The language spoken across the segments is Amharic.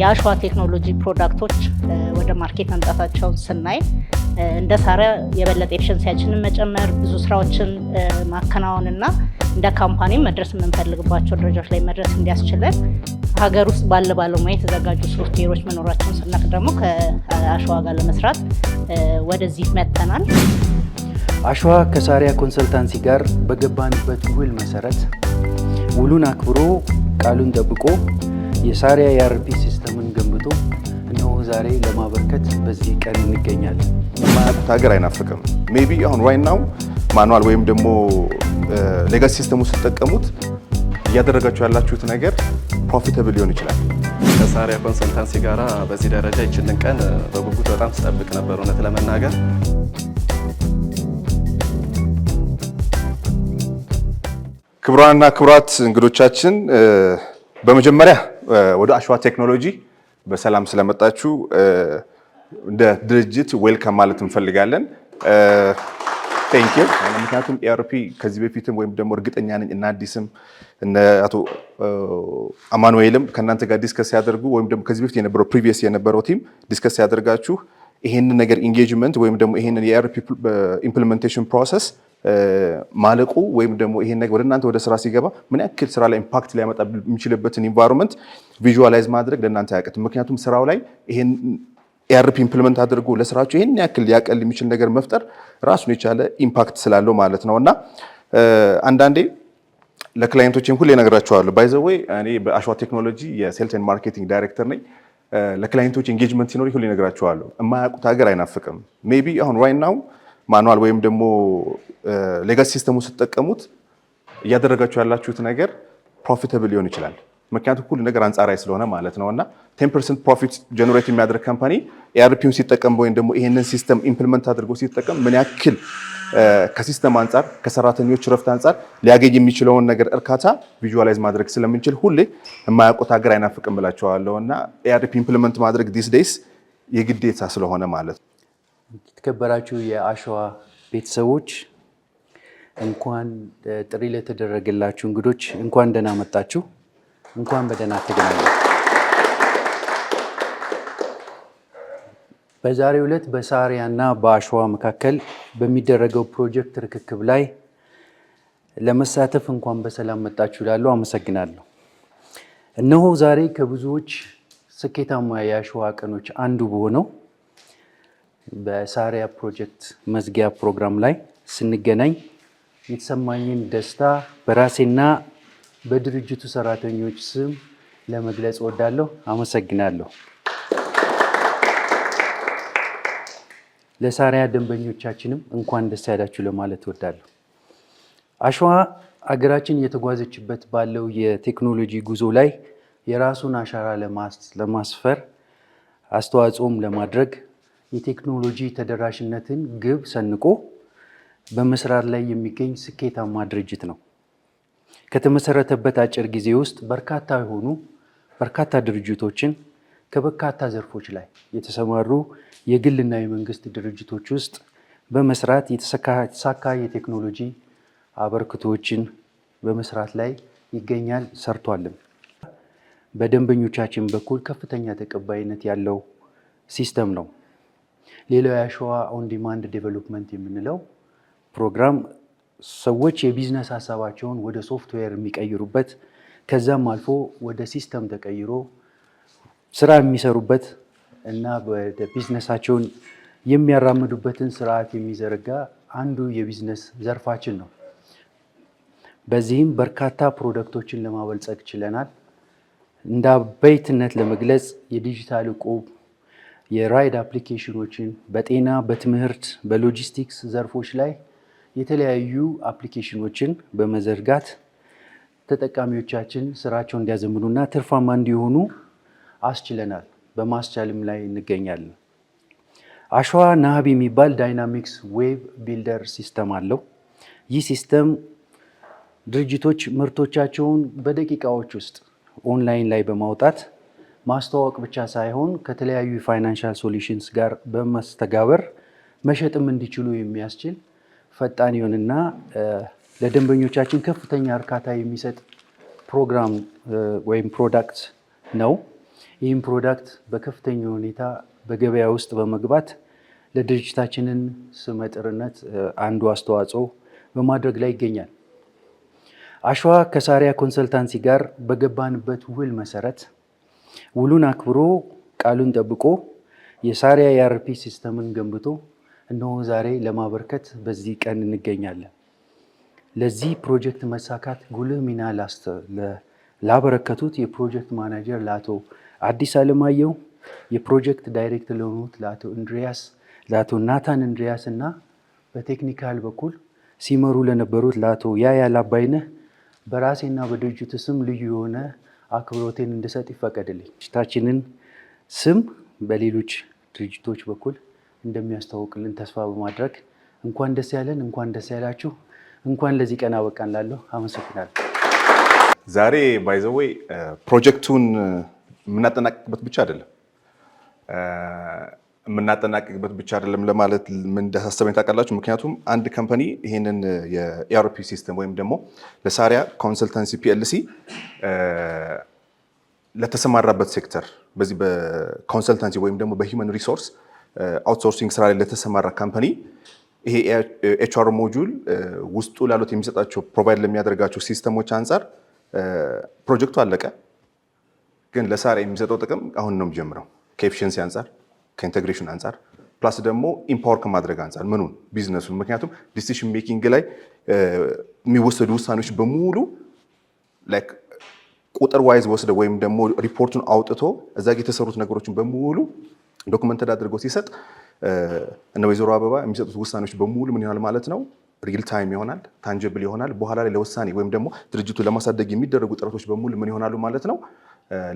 የአሸዋ ቴክኖሎጂ ፕሮዳክቶች ወደ ማርኬት መምጣታቸውን ስናይ እንደ ሳሪያ የበለጠ ኤፊሽንሲያችንን መጨመር፣ ብዙ ስራዎችን ማከናወን እና እንደ ካምፓኒ መድረስ የምንፈልግባቸው ደረጃዎች ላይ መድረስ እንዲያስችለን ሀገር ውስጥ ባለ ባለሙያ የተዘጋጁ ሶፍትዌሮች መኖራቸውን ስናቅ ደግሞ ከአሸዋ ጋር ለመስራት ወደዚህ መጥተናል። አሸዋ ከሳሪያ ኮንሰልታንሲ ጋር በገባንበት ውል መሰረት ውሉን አክብሮ ቃሉን ጠብቆ የሳሪያ የአርፒ ሲስተምን ገንብቶ እነሆ ዛሬ ለማበርከት በዚህ ቀን እንገኛለን። የማያውቁት ሀገር አይናፍቅም። ሜቢ አሁን ራይ ናው ማኑዋል ወይም ደግሞ ሌጋሲ ሲስተሙ ስትጠቀሙት እያደረጋችሁ ያላችሁት ነገር ፕሮፊታብል ሊሆን ይችላል። ከሳሪያ ኮንሰልታንሲ ጋር በዚህ ደረጃ ይችልን ቀን በጉጉት በጣም ስጠብቅ ነበር እውነት ለመናገር ክቡራንና ክቡራት እንግዶቻችን በመጀመሪያ ወደ አሸዋ ቴክኖሎጂ በሰላም ስለመጣችሁ እንደ ድርጅት ዌልካም ማለት እንፈልጋለን። ምክንያቱም ኤአርፒ ከዚህ በፊትም ወይም ደግሞ እርግጠኛ ነኝ እና አዲስም እነ አቶ አማኑኤልም ከእናንተ ጋር ዲስከስ ሲያደርጉ ወይም ደግሞ ከዚህ በፊት የነበረው ፕሪቪየስ የነበረው ቲም ዲስከስ ሲያደርጋችሁ ይሄንን ነገር ኢንጌጅመንት ወይም ደግሞ ይሄንን የኤርፒ ኢምፕሊመንቴሽን ፕሮሰስ ማለቁ ወይም ደግሞ ይሄን ነገር ወደ እናንተ ወደ ስራ ሲገባ ምን ያክል ስራ ላይ ኢምፓክት ሊያመጣ የሚችልበትን ኢንቫይሮንመንት ቪዥዋላይዝ ማድረግ ለእናንተ አያውቅም። ምክንያቱም ስራው ላይ ይሄን ኤርፒ ኢምፕሊመንት አድርጎ ለስራቸው ይሄን ያክል ሊያቀል የሚችል ነገር መፍጠር ራሱን የቻለ ኢምፓክት ስላለው ማለት ነው እና አንዳንዴ ለክላይንቶችም ሁሌ እነግራቸዋለሁ። ባይ ዘ ዌይ እኔ በአሸዋ ቴክኖሎጂ የሴልስ ኤንድ ማርኬቲንግ ዳይሬክተር ነኝ። ለክላይንቶች ኢንጌጅመንት ሲኖር ይሁን ይነግራቸዋለሁ። የማያውቁት ሀገር አይናፍቅም። ሜይ ቢ አሁን ራይት ናው ማኑዋል ወይም ደግሞ ሌጋሲ ሲስተሙ ስትጠቀሙት እያደረጋችሁ ያላችሁት ነገር ፕሮፊታብል ሊሆን ይችላል። ምክንያቱም ሁሉ ነገር አንጻራዊ ስለሆነ ማለት ነው። እና ቴን ፐርሰንት ፕሮፊት ጀኔሬት የሚያደርግ ካምፓኒ ኤአርፒውን ሲጠቀም ወይም ደግሞ ይሄንን ሲስተም ኢምፕልመንት አድርጎ ሲጠቀም ምን ያክል ከሲስተም አንጻር ከሰራተኞች ረፍት አንጻር ሊያገኝ የሚችለውን ነገር እርካታ ቪዥዋላይዝ ማድረግ ስለምንችል ሁሌ የማያውቁት ሀገር አይናፍቅም ብላቸዋለሁ እና ኤአርፒ ኢምፕሊመንት ማድረግ ዲስ ዴይስ የግዴታ ስለሆነ ማለት ነው። የተከበራችሁ የአሸዋ ቤተሰቦች እንኳን ጥሪ ለተደረገላችሁ እንግዶች እንኳን ደህና መጣችሁ፣ እንኳን በደህና ተገናኘን። በዛሬው ዕለት በሳሪያና በአሸዋ መካከል በሚደረገው ፕሮጀክት ርክክብ ላይ ለመሳተፍ እንኳን በሰላም መጣችሁ እላለሁ። አመሰግናለሁ። እነሆ ዛሬ ከብዙዎች ስኬታማ የአሸዋ ቀኖች አንዱ በሆነው በሳሪያ ፕሮጀክት መዝጊያ ፕሮግራም ላይ ስንገናኝ የተሰማኝን ደስታ በራሴና በድርጅቱ ሰራተኞች ስም ለመግለጽ እወዳለሁ። አመሰግናለሁ። ለሳሪያ ደንበኞቻችንም እንኳን ደስ ያላችሁ ለማለት እወዳለሁ። አሸዋ አገራችን እየተጓዘችበት ባለው የቴክኖሎጂ ጉዞ ላይ የራሱን አሻራ ለማስፈር አስተዋጽኦም ለማድረግ የቴክኖሎጂ ተደራሽነትን ግብ ሰንቆ በመስራት ላይ የሚገኝ ስኬታማ ድርጅት ነው። ከተመሰረተበት አጭር ጊዜ ውስጥ በርካታ የሆኑ በርካታ ድርጅቶችን ከበርካታ ዘርፎች ላይ የተሰማሩ የግልና የመንግስት ድርጅቶች ውስጥ በመስራት የተሳካ የቴክኖሎጂ አበርክቶችን በመስራት ላይ ይገኛል ሰርቷልም። በደንበኞቻችን በኩል ከፍተኛ ተቀባይነት ያለው ሲስተም ነው። ሌላው የአሸዋ ኦንዲማንድ ዴቨሎፕመንት የምንለው ፕሮግራም ሰዎች የቢዝነስ ሀሳባቸውን ወደ ሶፍትዌር የሚቀይሩበት ከዛም አልፎ ወደ ሲስተም ተቀይሮ ስራ የሚሰሩበት እና ቢዝነሳቸውን የሚያራምዱበትን ስርዓት የሚዘረጋ አንዱ የቢዝነስ ዘርፋችን ነው። በዚህም በርካታ ፕሮደክቶችን ለማበልጸግ ችለናል። እንደ አበይትነት ለመግለጽ የዲጂታል ዕቁብ፣ የራይድ አፕሊኬሽኖችን በጤና በትምህርት፣ በሎጂስቲክስ ዘርፎች ላይ የተለያዩ አፕሊኬሽኖችን በመዘርጋት ተጠቃሚዎቻችን ስራቸውን እንዲያዘምኑና ትርፋማ እንዲሆኑ አስችለናል። በማስቻልም ላይ እንገኛለን። አሸዋ ናሃብ የሚባል ዳይናሚክስ ዌብ ቢልደር ሲስተም አለው። ይህ ሲስተም ድርጅቶች ምርቶቻቸውን በደቂቃዎች ውስጥ ኦንላይን ላይ በማውጣት ማስተዋወቅ ብቻ ሳይሆን ከተለያዩ የፋይናንሻል ሶሉሽንስ ጋር በመስተጋበር መሸጥም እንዲችሉ የሚያስችል ፈጣን ይሆንና ለደንበኞቻችን ከፍተኛ እርካታ የሚሰጥ ፕሮግራም ወይም ፕሮዳክት ነው። ይህም ፕሮዳክት በከፍተኛ ሁኔታ በገበያ ውስጥ በመግባት ለድርጅታችንን ስመጥርነት አንዱ አስተዋጽኦ በማድረግ ላይ ይገኛል። አሸዋ ከሳሪያ ኮንሰልታንሲ ጋር በገባንበት ውል መሰረት ውሉን አክብሮ ቃሉን ጠብቆ የሳሪያ የአርፒ ሲስተምን ገንብቶ እነሆ ዛሬ ለማበርከት በዚህ ቀን እንገኛለን። ለዚህ ፕሮጀክት መሳካት ጉልህ ሚና ላበረከቱት የፕሮጀክት ማናጀር ለአቶ አዲስ አለማየሁ የፕሮጀክት ዳይሬክተር ለሆኑት ለአቶ እንድሪያስ ለአቶ ናታን እንድሪያስ እና በቴክኒካል በኩል ሲመሩ ለነበሩት ለአቶ ያያል አባይነህ በራሴና በድርጅቱ ስም ልዩ የሆነ አክብሮቴን እንድሰጥ ይፈቀድልኝ። ድርጅታችንን ስም በሌሎች ድርጅቶች በኩል እንደሚያስተዋውቅልን ተስፋ በማድረግ እንኳን ደስ ያለን፣ እንኳን ደስ ያላችሁ፣ እንኳን ለዚህ ቀን አበቃን ላለሁ አመሰግናለሁ። ዛሬ ባይዘወይ ፕሮጀክቱን የምናጠናቅቅበት ብቻ አይደለም የምናጠናቅቅበት ብቻ አይደለም ለማለት ምን እንዳሳሰበኝ ታውቃላችሁ? ምክንያቱም አንድ ካምፓኒ ይህንን የኢአርፒ ሲስተም ወይም ደግሞ ለሳሪያ ኮንሰልተንሲ ፒኤልሲ ለተሰማራበት ሴክተር በዚህ በኮንሰልታንሲ ወይም ደግሞ በሂውመን ሪሶርስ አውትሶርሲንግ ስራ ላይ ለተሰማራ ካምፓኒ ይሄ ኤችአር ሞጁል ውስጡ ላሉት የሚሰጣቸው ፕሮቫይድ ለሚያደርጋቸው ሲስተሞች አንጻር ፕሮጀክቱ አለቀ። ግን ለሳር የሚሰጠው ጥቅም አሁን ነው የሚጀምረው ከኤፊሽንሲ አንጻር ከኢንቴግሬሽን አንጻር ፕላስ ደግሞ ኢምፓወር ከማድረግ አንጻር ምኑን ቢዝነሱን። ምክንያቱም ዲሲሽን ሜኪንግ ላይ የሚወሰዱ ውሳኔዎች በሙሉ ቁጥር ዋይዝ ወስደ ወይም ደግሞ ሪፖርቱን አውጥቶ እዛ የተሰሩት ነገሮችን በሙሉ ዶክመንተድ አድርጎ ሲሰጥ እነ ወይዘሮ አበባ የሚሰጡት ውሳኔዎች በሙሉ ምን ይሆናል ማለት ነው ሪል ታይም ይሆናል፣ ታንጀብል ይሆናል። በኋላ ላይ ለውሳኔ ወይም ደግሞ ድርጅቱ ለማሳደግ የሚደረጉ ጥረቶች በሙሉ ምን ይሆናሉ ማለት ነው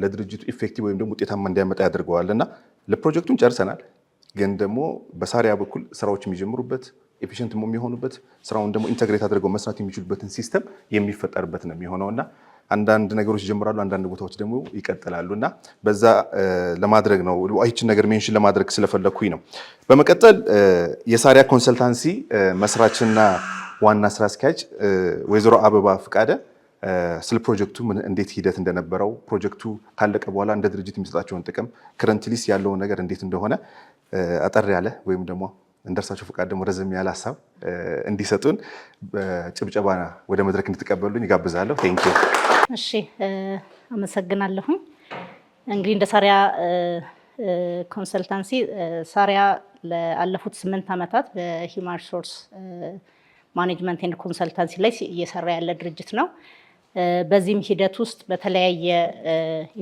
ለድርጅቱ ኢፌክቲቭ ወይም ደግሞ ውጤታማ እንዲያመጣ ያደርገዋል እና ለፕሮጀክቱን ጨርሰናል። ግን ደግሞ በሳሪያ በኩል ስራዎች የሚጀምሩበት ኤፊሽንት የሚሆኑበት ስራውን ደግሞ ኢንተግሬት አድርገው መስራት የሚችሉበትን ሲስተም የሚፈጠርበት ነው የሚሆነው እና አንዳንድ ነገሮች ይጀምራሉ፣ አንዳንድ ቦታዎች ደግሞ ይቀጥላሉ እና በዛ ለማድረግ ነው ይችን ነገር ሜንሽን ለማድረግ ስለፈለግኩኝ ነው። በመቀጠል የሳሪያ ኮንሰልታንሲ መስራችና ዋና ስራ አስኪያጅ ወይዘሮ አበባ ፍቃደ ስለ ፕሮጀክቱ እንዴት ሂደት እንደነበረው ፕሮጀክቱ ካለቀ በኋላ እንደ ድርጅት የሚሰጣቸውን ጥቅም ክረንትሊስ ያለውን ነገር እንዴት እንደሆነ አጠር ያለ ወይም ደግሞ እንደርሳቸው ፈቃድ ደግሞ ረዘም ያለ ሀሳብ እንዲሰጡን ጭብጨባ ወደ መድረክ እንድትቀበሉን ይጋብዛለሁ። ቴንክ ዩ። እሺ፣ አመሰግናለሁ። እንግዲህ እንደ ሳሪያ ኮንሰልታንሲ ሳሪያ ለአለፉት ስምንት ዓመታት በሂውማን ሪሶርስ ማኔጅመንት ኤንድ ኮንሰልታንሲ ላይ እየሰራ ያለ ድርጅት ነው። በዚህም ሂደት ውስጥ በተለያየ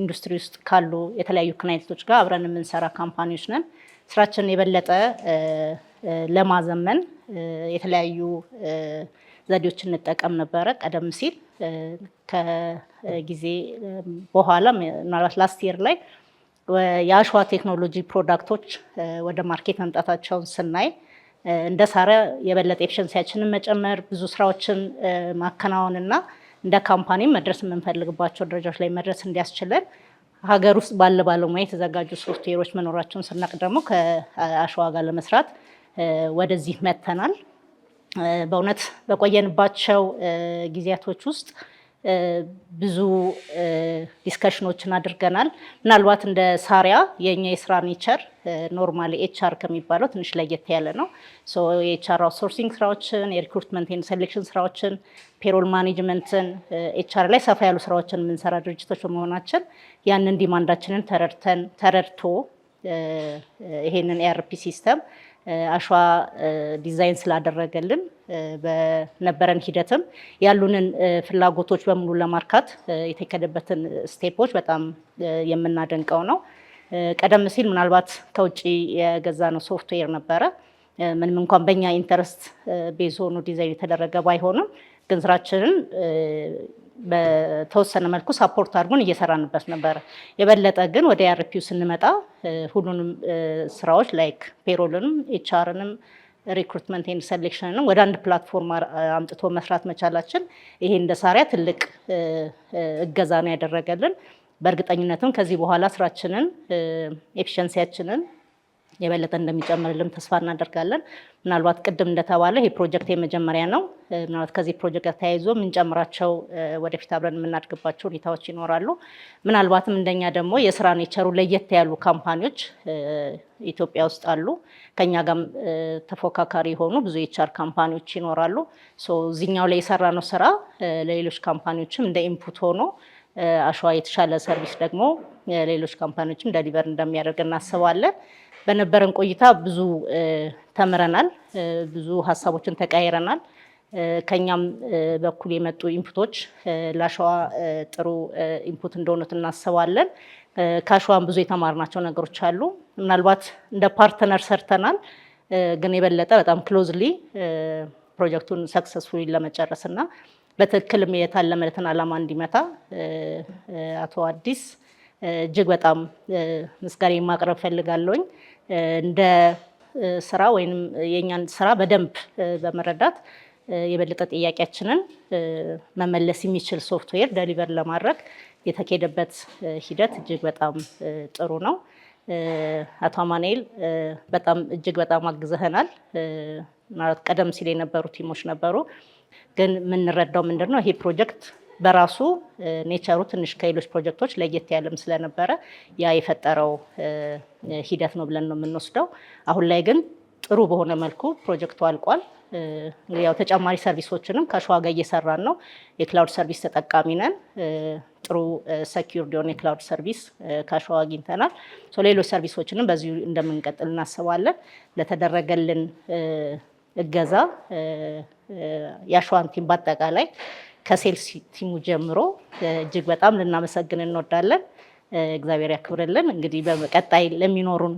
ኢንዱስትሪ ውስጥ ካሉ የተለያዩ ክላይንቶች ጋር አብረን የምንሰራ ካምፓኒዎች ነን። ስራችንን የበለጠ ለማዘመን የተለያዩ ዘዴዎች እንጠቀም ነበረ። ቀደም ሲል ከጊዜ በኋላ ምናልባት ላስት የር ላይ የአሸዋ ቴክኖሎጂ ፕሮዳክቶች ወደ ማርኬት መምጣታቸውን ስናይ እንደ ሳረ የበለጠ ኤፊሸንሲያችንን መጨመር ብዙ ስራዎችን ማከናወንና እንደ ካምፓኒ መድረስ የምንፈልግባቸው ደረጃዎች ላይ መድረስ እንዲያስችለን ሀገር ውስጥ ባለ ባለሙያ የተዘጋጁ ሶፍትዌሮች መኖራቸውን ስናቅ ደግሞ ከአሸዋ ጋር ለመስራት ወደዚህ መጥተናል። በእውነት በቆየንባቸው ጊዜያቶች ውስጥ ብዙ ዲስከሽኖችን አድርገናል። ምናልባት እንደ ሳሪያ የእኛ የስራ ኔቸር ኖርማሊ ኤችአር ከሚባለው ትንሽ ለየት ያለ ነው። የኤችአር አውትሶርሲንግ ስራዎችን፣ የሪክሩትመንት ሴሌክሽን ስራዎችን፣ ፔሮል ማኔጅመንትን፣ ኤችአር ላይ ሰፋ ያሉ ስራዎችን የምንሰራ ድርጅቶች በመሆናችን ያንን ዲማንዳችንን ተረድተን ተረድቶ ይሄንን ኤአርፒ ሲስተም አሸዋ ዲዛይን ስላደረገልን በነበረን ሂደትም ያሉንን ፍላጎቶች በሙሉ ለማርካት የተከደበትን ስቴፖች በጣም የምናደንቀው ነው። ቀደም ሲል ምናልባት ከውጭ የገዛ ነው ሶፍትዌር ነበረ። ምንም እንኳን በእኛ ኢንተረስት ቤዝ ሆኖ ዲዛይን የተደረገ ባይሆንም ግን ስራችንን በተወሰነ መልኩ ሳፖርት አድርጎን እየሰራንበት ነበረ። የበለጠ ግን ወደ አርፒዩ ስንመጣ ሁሉንም ስራዎች ላይክ ፔሮልንም፣ ኤችአርንም፣ ሪክሩትመንት ኤንድ ሴሌክሽንንም ወደ አንድ ፕላትፎርም አምጥቶ መስራት መቻላችን ይሄ እንደ ሳሪያ ትልቅ እገዛ ነው ያደረገልን። በእርግጠኝነትም ከዚህ በኋላ ስራችንን ኤፊሽንሲያችንን የበለጠ እንደሚጨምርልም ተስፋ እናደርጋለን። ምናልባት ቅድም እንደተባለ ይህ ፕሮጀክት የመጀመሪያ ነው። ምናልባት ከዚህ ፕሮጀክት ጋር ተያይዞ የምንጨምራቸው ወደፊት አብረን የምናድግባቸው ሁኔታዎች ይኖራሉ። ምናልባትም እንደኛ ደግሞ የስራ ኔቸሩ ለየት ያሉ ካምፓኒዎች ኢትዮጵያ ውስጥ አሉ። ከኛ ጋርም ተፎካካሪ የሆኑ ብዙ የኤችአር ካምፓኒዎች ይኖራሉ። እዚኛው ላይ የሰራነው ስራ ለሌሎች ካምፓኒዎችም እንደ ኢንፑት ሆኖ አሸዋ የተሻለ ሰርቪስ ደግሞ ሌሎች ካምፓኒዎችም ደሊቨር እንደሚያደርግ እናስባለን። በነበረን ቆይታ ብዙ ተምረናል፣ ብዙ ሀሳቦችን ተቀያይረናል። ከኛም በኩል የመጡ ኢንፑቶች ለአሸዋ ጥሩ ኢንፑት እንደሆኑት እናስባለን። ከአሸዋም ብዙ የተማርናቸው ነገሮች አሉ። ምናልባት እንደ ፓርትነር ሰርተናል፣ ግን የበለጠ በጣም ክሎዝሊ ፕሮጀክቱን ሰክሰስፉሊ ለመጨረስ እና በትክክልም የታለመለትን ዓላማ እንዲመታ አቶ አዲስ እጅግ በጣም ምስጋና ማቅረብ ፈልጋለሁኝ። እንደ ስራ ወይም የእኛን ስራ በደንብ በመረዳት የበለጠ ጥያቄያችንን መመለስ የሚችል ሶፍትዌር ደሊቨር ለማድረግ የተኬደበት ሂደት እጅግ በጣም ጥሩ ነው። አቶ አማኑኤል በጣም እጅግ በጣም አግዘህናል። ማለት ቀደም ሲል የነበሩ ቲሞች ነበሩ፣ ግን የምንረዳው ምንድን ነው ይሄ ፕሮጀክት በራሱ ኔቸሩ ትንሽ ከሌሎች ፕሮጀክቶች ለየት ያለም ስለነበረ ያ የፈጠረው ሂደት ነው ብለን ነው የምንወስደው። አሁን ላይ ግን ጥሩ በሆነ መልኩ ፕሮጀክቱ አልቋል። ያው ተጨማሪ ሰርቪሶችንም ከሸዋ ጋር እየሰራን ነው። የክላውድ ሰርቪስ ተጠቃሚ ነን። ጥሩ ሰኪር የሆነ የክላውድ ሰርቪስ ከሸዋ አግኝተናል። ሌሎች ሰርቪሶችንም በዚሁ እንደምንቀጥል እናስባለን። ለተደረገልን እገዛ የአሸዋን ቲም በአጠቃላይ ከሴልስ ቲሙ ጀምሮ እጅግ በጣም ልናመሰግን እንወዳለን። እግዚአብሔር ያክብርልን። እንግዲህ በቀጣይ ለሚኖሩን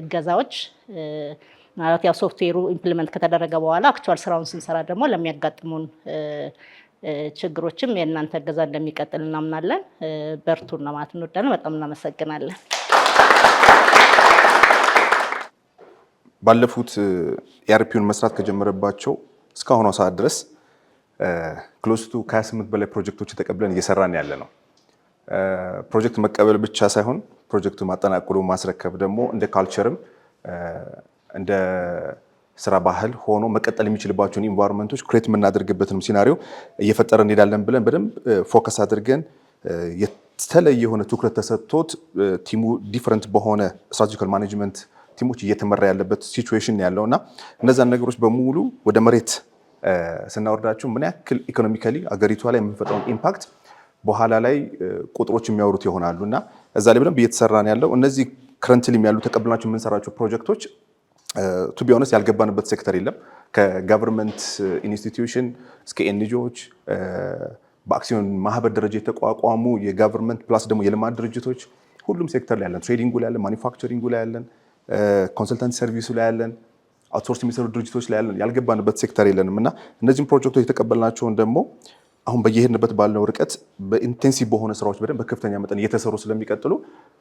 እገዛዎች ማለት ያው ሶፍትዌሩ ኢምፕሊመንት ከተደረገ በኋላ አክቹዋል ስራውን ስንሰራ ደግሞ ለሚያጋጥሙን ችግሮችም የእናንተ እገዛ እንደሚቀጥል እናምናለን። በርቱን ማለት እንወዳለን። በጣም እናመሰግናለን። ባለፉት ኢአርፒውን መስራት ከጀመረባቸው እስካሁኗ ሰዓት ድረስ ክሎስቱ ከ28 በላይ ፕሮጀክቶች ተቀብለን እየሰራን ያለ ነው። ፕሮጀክት መቀበል ብቻ ሳይሆን ፕሮጀክቱ ማጠናቅሎ ማስረከብ ደግሞ እንደ ካልቸርም እንደ ስራ ባህል ሆኖ መቀጠል የሚችልባቸውን ኢንቫይሮንመንቶች ክሬት የምናደርግበትንም ሲናሪዮ እየፈጠረ እንሄዳለን ብለን በደንብ ፎከስ አድርገን የተለየ የሆነ ትኩረት ተሰጥቶት ቲሙ ዲፍረንት በሆነ ስትራቴጂካል ማኔጅመንት ቲሞች እየተመራ ያለበት ሲቹዌሽን ያለው እና እነዛን ነገሮች በሙሉ ወደ መሬት ስናወርዳቸው ምን ያክል ኢኮኖሚካሊ አገሪቷ ላይ የምንፈጥረውን ኢምፓክት በኋላ ላይ ቁጥሮች የሚያወሩት ይሆናሉ እና እዛ ላይ በደንብ እየተሰራ ነው ያለው። እነዚህ ክረንትሊም ያሉ ተቀብልናቸው የምንሰራቸው ፕሮጀክቶች ቱ ቢ ኦነስት ያልገባንበት ሴክተር የለም። ከጋቨርንመንት ኢንስቲትዩሽን እስከ ኤንጂኦዎች በአክሲዮን ማህበር ደረጃ የተቋቋሙ የጋቨርንመንት ፕላስ ደግሞ የልማት ድርጅቶች ሁሉም ሴክተር ላይ ያለን፣ ትሬዲንጉ ላይ ያለን፣ ማኒፋክቸሪንጉ ላይ ያለን፣ ኮንሰልታንት ሰርቪሱ ላይ ያለን አውትሶርስ የሚሰሩ ድርጅቶች ላይ ያለን ያልገባንበት ሴክተር የለንም እና እነዚህም ፕሮጀክቶች የተቀበልናቸውን ደግሞ አሁን በየሄድንበት ባለው ርቀት በኢንቴንሲቭ በሆነ ስራዎች በደንብ በከፍተኛ መጠን እየተሰሩ ስለሚቀጥሉ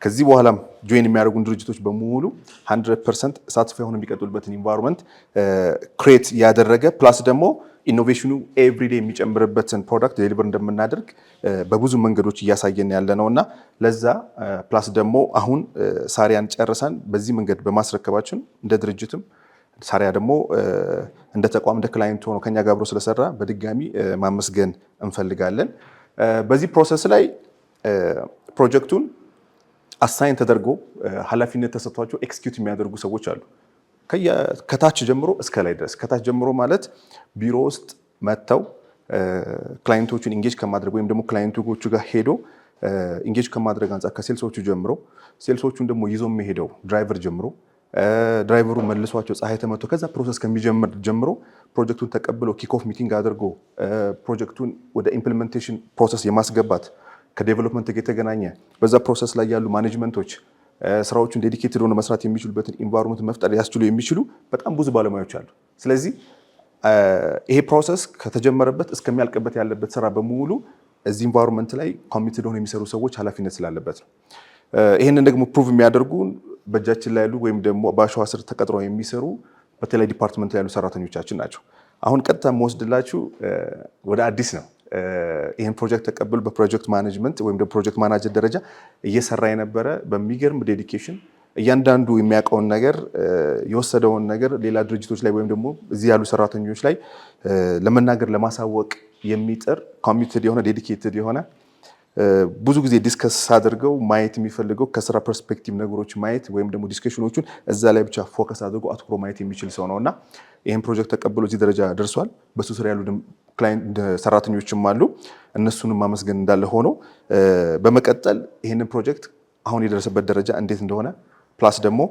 ከዚህ በኋላም ጆይን የሚያደርጉን ድርጅቶች በሙሉ 100 ፐርሰንት ሳትስፋይ ሆነው የሚቀጥሉበትን ኢንቫይሮንመንት ክሬት uh, ያደረገ ፕላስ ደግሞ ኢኖቬሽኑ ኤቭሪዴ የሚጨምርበትን ፕሮዳክት ዴሊቨር እንደምናደርግ uh, በብዙ መንገዶች እያሳየን ያለ ነው እና ለዛ ፕላስ uh, ደግሞ አሁን ሳሪያን ጨርሰን በዚህ መንገድ በማስረከባችን እንደ ድርጅትም ሳሪያ ደግሞ እንደ ተቋም እንደ ክላይንት ሆኖ ከኛ ጋር አብሮ ስለሰራ በድጋሚ ማመስገን እንፈልጋለን። በዚህ ፕሮሰስ ላይ ፕሮጀክቱን አሳይን ተደርጎ ኃላፊነት ተሰጥቷቸው ኤክስኪዩት የሚያደርጉ ሰዎች አሉ። ከታች ጀምሮ እስከ ላይ ድረስ ከታች ጀምሮ ማለት ቢሮ ውስጥ መጥተው ክላይንቶቹን ኢንጌጅ ከማድረግ ወይም ደግሞ ክላይንቶቹ ጋር ሄዶ ኢንጌጅ ከማድረግ አንጻር ከሴልሶቹ ጀምሮ ሴልሶቹን ደግሞ ይዞ የሚሄደው ድራይቨር ጀምሮ ድራይቨሩ መልሷቸው ፀሐይ ተመቶ ከዛ ፕሮሰስ ከሚጀምር ጀምሮ ፕሮጀክቱን ተቀብሎ ኪክኦፍ ሚቲንግ አድርጎ ፕሮጀክቱን ወደ ኢምፕሊሜንቴሽን ፕሮሰስ የማስገባት ከዴቨሎፕመንት ጋር የተገናኘ በዛ ፕሮሰስ ላይ ያሉ ማኔጅመንቶች ስራዎቹን ዴዲኬትድ ሆነ መስራት የሚችሉበትን ኢንቫይሮንመንት መፍጠር ያስችሉ የሚችሉ በጣም ብዙ ባለሙያዎች አሉ። ስለዚህ ይሄ ፕሮሰስ ከተጀመረበት እስከሚያልቅበት ያለበት ስራ በሙሉ እዚህ ኢንቫይሮንመንት ላይ ኮሚትድ ሆነ የሚሰሩ ሰዎች ኃላፊነት ስላለበት ነው። ይህንን ደግሞ ፕሩቭ የሚያደርጉ በእጃችን ላይ ያሉ ወይም ደግሞ በአሸዋ ስር ተቀጥረው የሚሰሩ በተለይ ዲፓርትመንት ላይ ያሉ ሰራተኞቻችን ናቸው። አሁን ቀጥታ የምወስድላችሁ ወደ አዲስ ነው። ይህን ፕሮጀክት ተቀብሎ በፕሮጀክት ማኔጅመንት ወይም ፕሮጀክት ማናጀር ደረጃ እየሰራ የነበረ በሚገርም ዴዲኬሽን እያንዳንዱ የሚያውቀውን ነገር የወሰደውን ነገር ሌላ ድርጅቶች ላይ ወይም ደግሞ እዚህ ያሉ ሰራተኞች ላይ ለመናገር ለማሳወቅ የሚጥር ኮሚትድ የሆነ ዴዲኬትድ የሆነ ብዙ ጊዜ ዲስከስ አድርገው ማየት የሚፈልገው ከስራ ፐርስፔክቲቭ ነገሮች ማየት ወይም ደግሞ ዲስከሽኖቹን እዛ ላይ ብቻ ፎከስ አድርገው አትኩሮ ማየት የሚችል ሰው ነው እና ይህን ፕሮጀክት ተቀብሎ እዚህ ደረጃ ደርሷል። በሱ ስራ ያሉ ሰራተኞችም አሉ። እነሱንም ማመስገን እንዳለ ሆኖ በመቀጠል ይህንን ፕሮጀክት አሁን የደረሰበት ደረጃ እንዴት እንደሆነ ፕላስ ደግሞ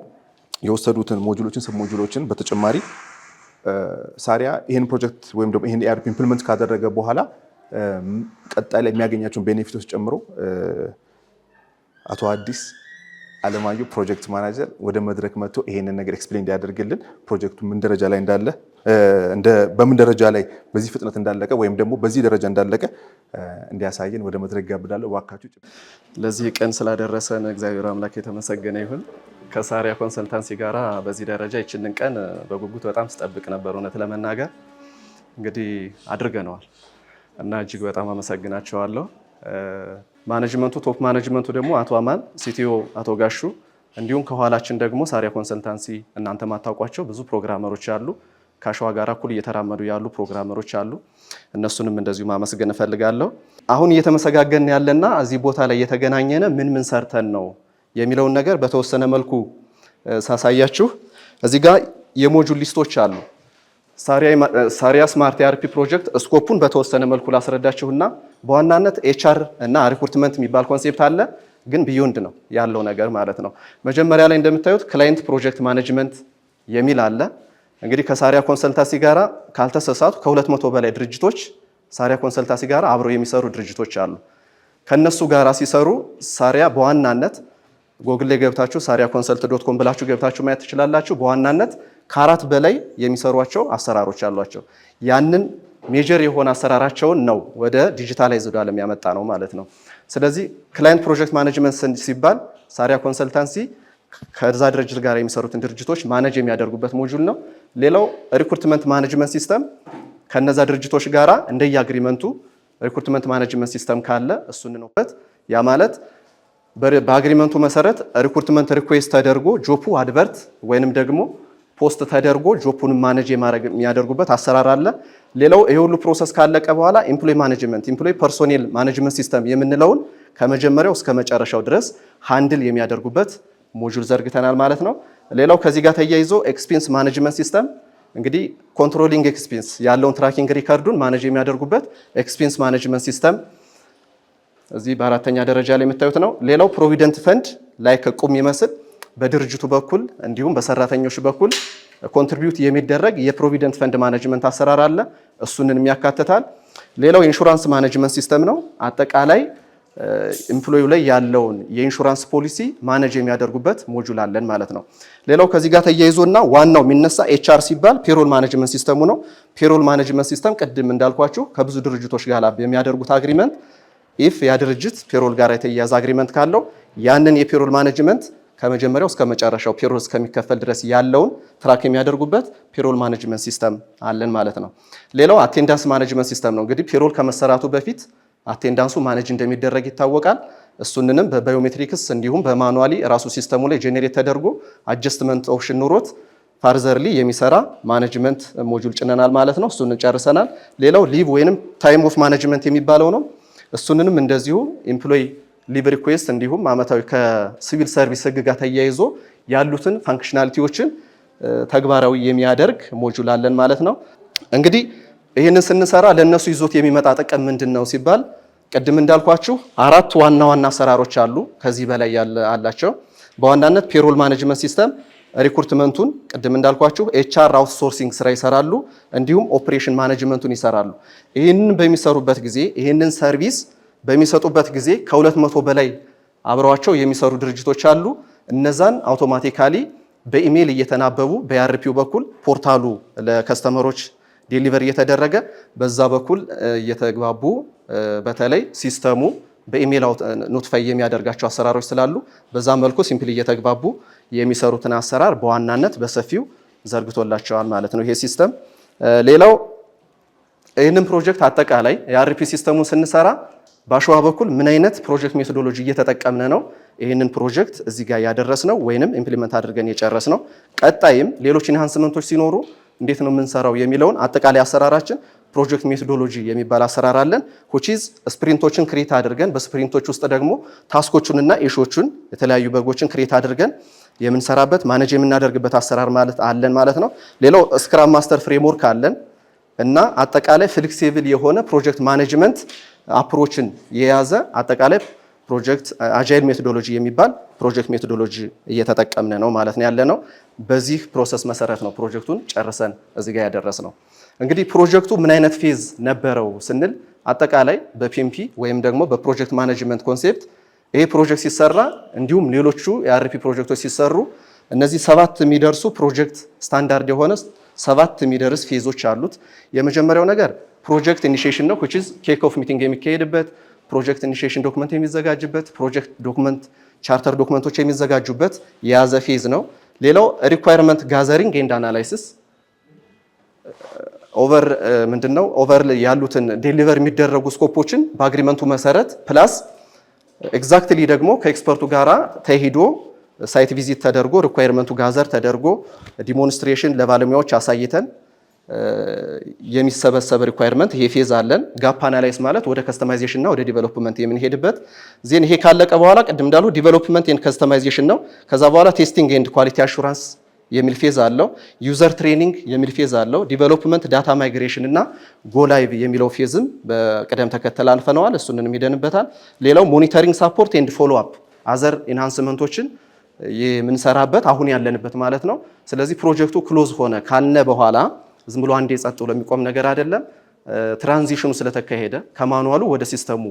የወሰዱትን ሞጁሎችን ሰብ ሞጁሎችን በተጨማሪ ሳሪያ ይህን ፕሮጀክት ወይም ደግሞ ይህን ኢአርፒ ኢምፕልመንት ካደረገ በኋላ ቀጣይ ላይ የሚያገኛቸውን ቤኔፊቶች ጨምሮ አቶ አዲስ አለማየሁ ፕሮጀክት ማናጀር ወደ መድረክ መጥቶ ይሄንን ነገር ኤክስፕሌን እንዲያደርግልን ፕሮጀክቱ ምን ደረጃ ላይ እንዳለ በምን ደረጃ ላይ በዚህ ፍጥነት እንዳለቀ ወይም ደግሞ በዚህ ደረጃ እንዳለቀ እንዲያሳየን ወደ መድረክ ጋብዳለሁ። እባካችሁ ለዚህ ቀን ስላደረሰን እግዚአብሔር አምላክ የተመሰገነ ይሁን። ከሳሪያ ኮንሰልታንሲ ጋር በዚህ ደረጃ ይችንን ቀን በጉጉት በጣም ስጠብቅ ነበር። እውነት ለመናገር እንግዲህ አድርገነዋል። እና እጅግ በጣም አመሰግናቸዋለሁ። ማኔጅመንቱ ቶፕ ማኔጅመንቱ ደግሞ አቶ አማን ሲቲዮ አቶ ጋሹ፣ እንዲሁም ከኋላችን ደግሞ ሳሪያ ኮንሰልታንሲ እናንተ ማታውቋቸው ብዙ ፕሮግራመሮች አሉ። ከአሸዋ ጋር እኩል እየተራመዱ ያሉ ፕሮግራመሮች አሉ። እነሱንም እንደዚሁ ማመስገን እፈልጋለሁ። አሁን እየተመሰጋገን ያለና እዚህ ቦታ ላይ እየተገናኘነ ምን ምን ሰርተን ነው የሚለውን ነገር በተወሰነ መልኩ ሳሳያችሁ እዚህ ጋር የሞጁል ሊስቶች አሉ ሳሪያ ስማርት የአርፒ ፕሮጀክት ስኮፑን በተወሰነ መልኩ ላስረዳችሁና በዋናነት ኤችአር እና ሪኩርትመንት የሚባል ኮንሴፕት አለ፣ ግን ቢዮንድ ነው ያለው ነገር ማለት ነው። መጀመሪያ ላይ እንደምታዩት ክላይንት ፕሮጀክት ማኔጅመንት የሚል አለ። እንግዲህ ከሳሪያ ኮንሰልታሲ ጋር ካልተሰሳቱ ከሁለት 200 በላይ ድርጅቶች ሳሪያ ኮንሰልታሲ ጋር አብረው የሚሰሩ ድርጅቶች አሉ። ከነሱ ጋር ሲሰሩ ሳሪያ በዋናነት ጎግል ላይ ገብታችሁ ሳሪያ ኮንሰልት ዶት ኮም ብላችሁ ገብታችሁ ማየት ትችላላችሁ። በዋናነት ከአራት በላይ የሚሰሯቸው አሰራሮች አሏቸው። ያንን ሜጀር የሆነ አሰራራቸውን ነው ወደ ዲጂታላይዝድ ዓለም ያመጣ ነው ማለት ነው። ስለዚህ ክላይንት ፕሮጀክት ማኔጅመንት ሲባል ሳሪያ ኮንሰልታንሲ ከዛ ድርጅት ጋር የሚሰሩትን ድርጅቶች ማነጅ የሚያደርጉበት ሞጁል ነው። ሌላው ሪኩርትመንት ማኔጅመንት ሲስተም ከነዛ ድርጅቶች ጋር እንደየ አግሪመንቱ ሪኩርትመንት ማኔጅመንት ሲስተም ካለ እሱ እንነውበት። ያ ማለት በአግሪመንቱ መሰረት ሪኩርትመንት ሪኩዌስት ተደርጎ ጆፑ አድቨርት ወይንም ደግሞ ፖስት ተደርጎ ጆፑን ማኔጅ የሚያደርጉበት አሰራር አለ። ሌላው ይሄ ሁሉ ፕሮሰስ ካለቀ በኋላ ኢምፕሎይ ማኔጅመንት ኢምፕሎይ ፐርሶኔል ማኔጅመንት ሲስተም የምንለውን ከመጀመሪያው እስከ መጨረሻው ድረስ ሃንድል የሚያደርጉበት ሞጁል ዘርግተናል ማለት ነው። ሌላው ከዚህ ጋር ተያይዞ ኤክስፔንስ ማኔጅመንት ሲስተም እንግዲህ ኮንትሮሊንግ ኤክስፔንስ ያለውን ትራኪንግ ሪከርዱን ማኔጅ የሚያደርጉበት ኤክስፔንስ ማኔጅመንት ሲስተም እዚህ በአራተኛ ደረጃ ላይ የምታዩት ነው። ሌላው ፕሮቪደንት ፈንድ ላይ ከቁም ይመስል በድርጅቱ በኩል እንዲሁም በሰራተኞች በኩል ኮንትሪቢዩት የሚደረግ የፕሮቪደንት ፈንድ ማኔጅመንት አሰራር አለ። እሱንንም ያካትታል። ሌላው የኢንሹራንስ ማኔጅመንት ሲስተም ነው። አጠቃላይ ኢምፕሎዩ ላይ ያለውን የኢንሹራንስ ፖሊሲ ማኔጅ የሚያደርጉበት ሞጁል አለን ማለት ነው። ሌላው ከዚህ ጋር ተያይዞና ዋናው የሚነሳ ኤችአር ሲባል ፔሮል ማኔጅመንት ሲስተሙ ነው። ፔሮል ማኔጅመንት ሲስተም ቅድም እንዳልኳችሁ ከብዙ ድርጅቶች ጋር የሚያደርጉት አግሪመንት ኢፍ ያ ድርጅት ፔሮል ጋር የተያያዘ አግሪመንት ካለው ያንን የፔሮል ማኔጅመንት ከመጀመሪያው እስከ መጨረሻው ፔሮል እስከሚከፈል ድረስ ያለውን ትራክ የሚያደርጉበት ፔሮል ማኔጅመንት ሲስተም አለን ማለት ነው። ሌላው አቴንዳንስ ማኔጅመንት ሲስተም ነው። እንግዲህ ፔሮል ከመሰራቱ በፊት አቴንዳንሱ ማኔጅ እንደሚደረግ ይታወቃል። እሱንንም በባዮሜትሪክስ እንዲሁም በማኑዋሊ ራሱ ሲስተሙ ላይ ጄኔሬት ተደርጎ አጀስትመንት ኦፕሽን ኑሮት ፋርዘርሊ የሚሰራ ማኔጅመንት ሞጁል ጭነናል ማለት ነው። እሱን ጨርሰናል። ሌላው ሊቭ ወይንም ታይም ኦፍ ማኔጅመንት የሚባለው ነው። እሱንንም እንደዚሁ ኤምፕሎይ ሊቭ ሪኩዌስት እንዲሁም አመታዊ ከሲቪል ሰርቪስ ህግ ጋር ተያይዞ ያሉትን ፋንክሽናሊቲዎችን ተግባራዊ የሚያደርግ ሞጁል አለን ማለት ነው። እንግዲህ ይህንን ስንሰራ ለእነሱ ይዞት የሚመጣ ጥቅም ምንድን ነው ሲባል ቅድም እንዳልኳችሁ አራት ዋና ዋና አሰራሮች አሉ። ከዚህ በላይ አላቸው። በዋናነት ፔሮል ማኔጅመንት ሲስተም ሪኩርትመንቱን ቅድም እንዳልኳችሁ ኤችአር አውትሶርሲንግ ስራ ይሰራሉ፣ እንዲሁም ኦፕሬሽን ማኔጅመንቱን ይሰራሉ። ይህንን በሚሰሩበት ጊዜ ይህንን ሰርቪስ በሚሰጡበት ጊዜ ከሁለት መቶ በላይ አብረዋቸው የሚሰሩ ድርጅቶች አሉ። እነዛን አውቶማቲካሊ በኢሜይል እየተናበቡ በአርፒው በኩል ፖርታሉ ለከስተመሮች ዴሊቨር እየተደረገ በዛ በኩል እየተግባቡ በተለይ ሲስተሙ በኢሜይል ኖትፋይ የሚያደርጋቸው አሰራሮች ስላሉ በዛ መልኩ ሲምፕል እየተግባቡ የሚሰሩትን አሰራር በዋናነት በሰፊው ዘርግቶላቸዋል ማለት ነው ይሄ ሲስተም። ሌላው ይህንን ፕሮጀክት አጠቃላይ የአርፒ ሲስተሙን ስንሰራ በአሸዋ በኩል ምን አይነት ፕሮጀክት ሜቶዶሎጂ እየተጠቀምነ ነው ይህንን ፕሮጀክት እዚህ ጋር ያደረስ ነው ወይንም ኢምፕሊመንት አድርገን የጨረስ ነው። ቀጣይም ሌሎች ኢንሃንስመንቶች ሲኖሩ እንዴት ነው የምንሰራው የሚለውን አጠቃላይ አሰራራችን ፕሮጀክት ሜቶዶሎጂ የሚባል አሰራር አለን። ሁቺዝ ስፕሪንቶችን ክሬት አድርገን በስፕሪንቶች ውስጥ ደግሞ ታስኮቹንና ኢሹዎቹን የተለያዩ በጎችን ክሬት አድርገን የምንሰራበት ማኔጅ የምናደርግበት አሰራር ማለት አለን ማለት ነው። ሌላው ስክራም ማስተር ፍሬምወርክ አለን እና አጠቃላይ ፍሌክሲብል የሆነ ፕሮጀክት ማኔጅመንት አፕሮችን የያዘ አጠቃላይ ፕሮጀክት አጃይል ሜቶዶሎጂ የሚባል ፕሮጀክት ሜቶዶሎጂ እየተጠቀምን ነው ማለት ነው ያለ ነው። በዚህ ፕሮሰስ መሰረት ነው ፕሮጀክቱን ጨርሰን እዚህ ጋር ያደረስ ነው። እንግዲህ ፕሮጀክቱ ምን አይነት ፌዝ ነበረው ስንል አጠቃላይ በፒኤምፒ ወይም ደግሞ በፕሮጀክት ማኔጅመንት ኮንሴፕት ይሄ ፕሮጀክት ሲሰራ እንዲሁም ሌሎቹ የአርፒ ፕሮጀክቶች ሲሰሩ እነዚህ ሰባት የሚደርሱ ፕሮጀክት ስታንዳርድ የሆነ ሰባት የሚደርስ ፌዞች አሉት። የመጀመሪያው ነገር ፕሮጀክት ኢኒሺዬሽን ነው ዊች ኬክ ኦፍ ሚቲንግ የሚካሄድበት ፕሮጀክት ኢኒሽሽን ዶክመንት የሚዘጋጅበት ፕሮጀክት ዶክመንት ቻርተር ዶክመንቶች የሚዘጋጁበት የያዘ ፌዝ ነው። ሌላው ሪኳየርመንት ጋዘሪንግ ኤንድ አናላይሲስ ኦቨር ምንድነው ኦቨር ያሉትን ዴሊቨር የሚደረጉ ስኮፖችን በአግሪመንቱ መሰረት ፕላስ ኤግዛክትሊ ደግሞ ከኤክስፐርቱ ጋራ ተሄዶ ሳይት ቪዚት ተደርጎ ሪኳየርመንቱ ጋዘር ተደርጎ ዲሞንስትሬሽን ለባለሙያዎች አሳይተን የሚሰበሰብ ሪኳየርመንት ይሄ ፌዝ አለን። ጋፕ አናላይስ ማለት ወደ ከስተማይዜሽን እና ወደ ዲቨሎፕመንት የምንሄድበት ዜን ይሄ ካለቀ በኋላ ቅድም እንዳሉ ዲቨሎፕመንት ኤንድ ከስተማይዜሽን ነው። ከዛ በኋላ ቴስቲንግ ኤንድ ኳሊቲ አሹራንስ የሚል ፌዝ አለው። ዩዘር ትሬኒንግ የሚል ፌዝ አለው። ዲቨሎፕመንት ዳታ ማይግሬሽን እና ጎላይቭ የሚለው ፌዝም በቅደም ተከተል አልፈነዋል። እሱንንም ሄደንበታል። ሌላው ሞኒተሪንግ ሳፖርት ኤንድ ፎሎ አፕ አዘር ኢንሃንስመንቶችን የምንሰራበት አሁን ያለንበት ማለት ነው። ስለዚህ ፕሮጀክቱ ክሎዝ ሆነ ካለ በኋላ ዝም ብሎ አንዴ ጸጥ ብሎ የሚቆም ነገር አይደለም። ትራንዚሽኑ ስለተካሄደ ከማኑዋሉ ወደ ሲስተሙ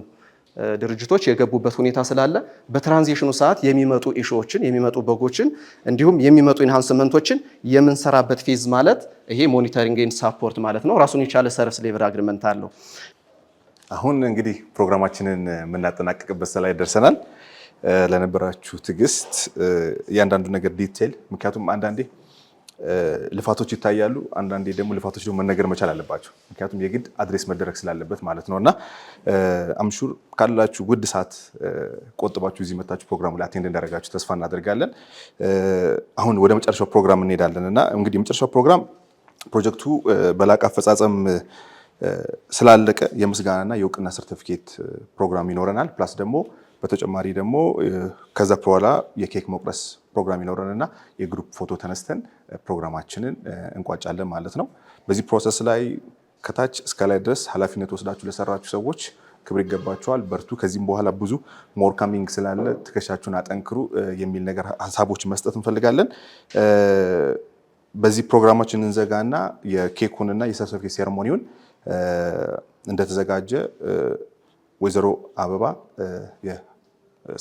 ድርጅቶች የገቡበት ሁኔታ ስላለ በትራንዚሽኑ ሰዓት የሚመጡ ኢሹዎችን የሚመጡ በጎችን እንዲሁም የሚመጡ ኢንሃንስመንቶችን የምንሰራበት ፌዝ ማለት ይሄ ሞኒተሪንግ ኤንድ ሳፖርት ማለት ነው። ራሱን የቻለ ሰርቪስ ሌቨል አግሪመንት አለው። አሁን እንግዲህ ፕሮግራማችንን የምናጠናቀቅበት ላይ ደርሰናል። ለነበራችሁ ትዕግስት እያንዳንዱ ነገር ዲቴል ምክንያቱም አንዳንዴ ልፋቶች ይታያሉ። አንዳንዴ ደግሞ ልፋቶች ደግሞ መነገር መቻል አለባቸው። ምክንያቱም የግድ አድሬስ መደረግ ስላለበት ማለት ነው እና አምሹር ካላችሁ ውድ ሰዓት ቆጥባችሁ እዚህ መታችሁ ፕሮግራሙ ላይ አቴንድ እንዳደረጋችሁ ተስፋ እናደርጋለን። አሁን ወደ መጨረሻው ፕሮግራም እንሄዳለን እና እንግዲህ የመጨረሻው ፕሮግራም ፕሮጀክቱ በላቀ አፈጻጸም ስላለቀ የምስጋናና የእውቅና ሰርቲፊኬት ፕሮግራም ይኖረናል። ፕላስ ደግሞ በተጨማሪ ደግሞ ከዛ በኋላ የኬክ መቁረስ ፕሮግራም እና የግሩፕ ፎቶ ተነስተን ፕሮግራማችንን እንቋጫለን ማለት ነው። በዚህ ፕሮሰስ ላይ ከታች እስከ ላይ ድረስ ኃላፊነት ወስዳችሁ ለሰራችሁ ሰዎች ክብር ይገባቸዋል በርቱ። ከዚህም በኋላ ብዙ ሞር ካሚንግ ስላለ ትከሻችሁን አጠንክሩ የሚል ነገር ሀሳቦች መስጠት እንፈልጋለን። በዚህ ፕሮግራማችን እንዘጋና የኬኩንና የሰርሰፊ ሴርሞኒውን እንደተዘጋጀ ወይዘሮ አበባ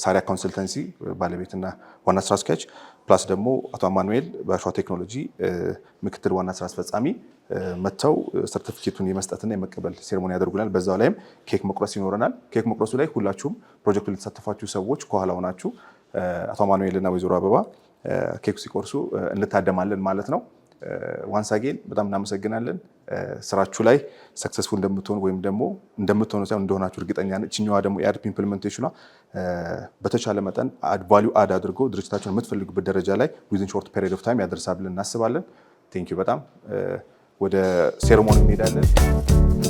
ሳሪያ ኮንሰልተንሲ ባለቤትና ዋና ስራ አስኪያጅ ፕላስ ደግሞ አቶ አማኑኤል በሸዋ ቴክኖሎጂ ምክትል ዋና ስራ አስፈጻሚ መጥተው ሰርቲፊኬቱን የመስጠትና የመቀበል ሴርሞኒ ያደርጉናል። በዛው ላይም ኬክ መቁረስ ይኖረናል። ኬክ መቁረሱ ላይ ሁላችሁም ፕሮጀክቱ ለተሳተፋችሁ ሰዎች ከኋላ ሆናችሁ አቶ አማኑኤል ወይዘሮ አበባ ኬክ ሲቆርሱ እንታደማለን ማለት ነው። ዋንስ uh, አጌን በጣም እናመሰግናለን። uh, ስራችሁ ላይ ሰክሰስፉል እንደምትሆኑ ወይም ደግሞ እንደምትሆኑ ሳይሆን እንደሆናችሁ እርግጠኛ ነን። እችኛዋ ደግሞ የአርፒ ኢምፕሊመንቴሽኗ uh, በተቻለ መጠን ቫሊዩ አድ አድርጎ ድርጅታችሁን የምትፈልጉበት ደረጃ ላይ ዊዝን ሾርት ፔሪድ ኦፍ ታይም ያደርሳል ብለን እናስባለን። ቴንክ ዩ በጣም ወደ ሴሬሞኒ እንሄዳለን።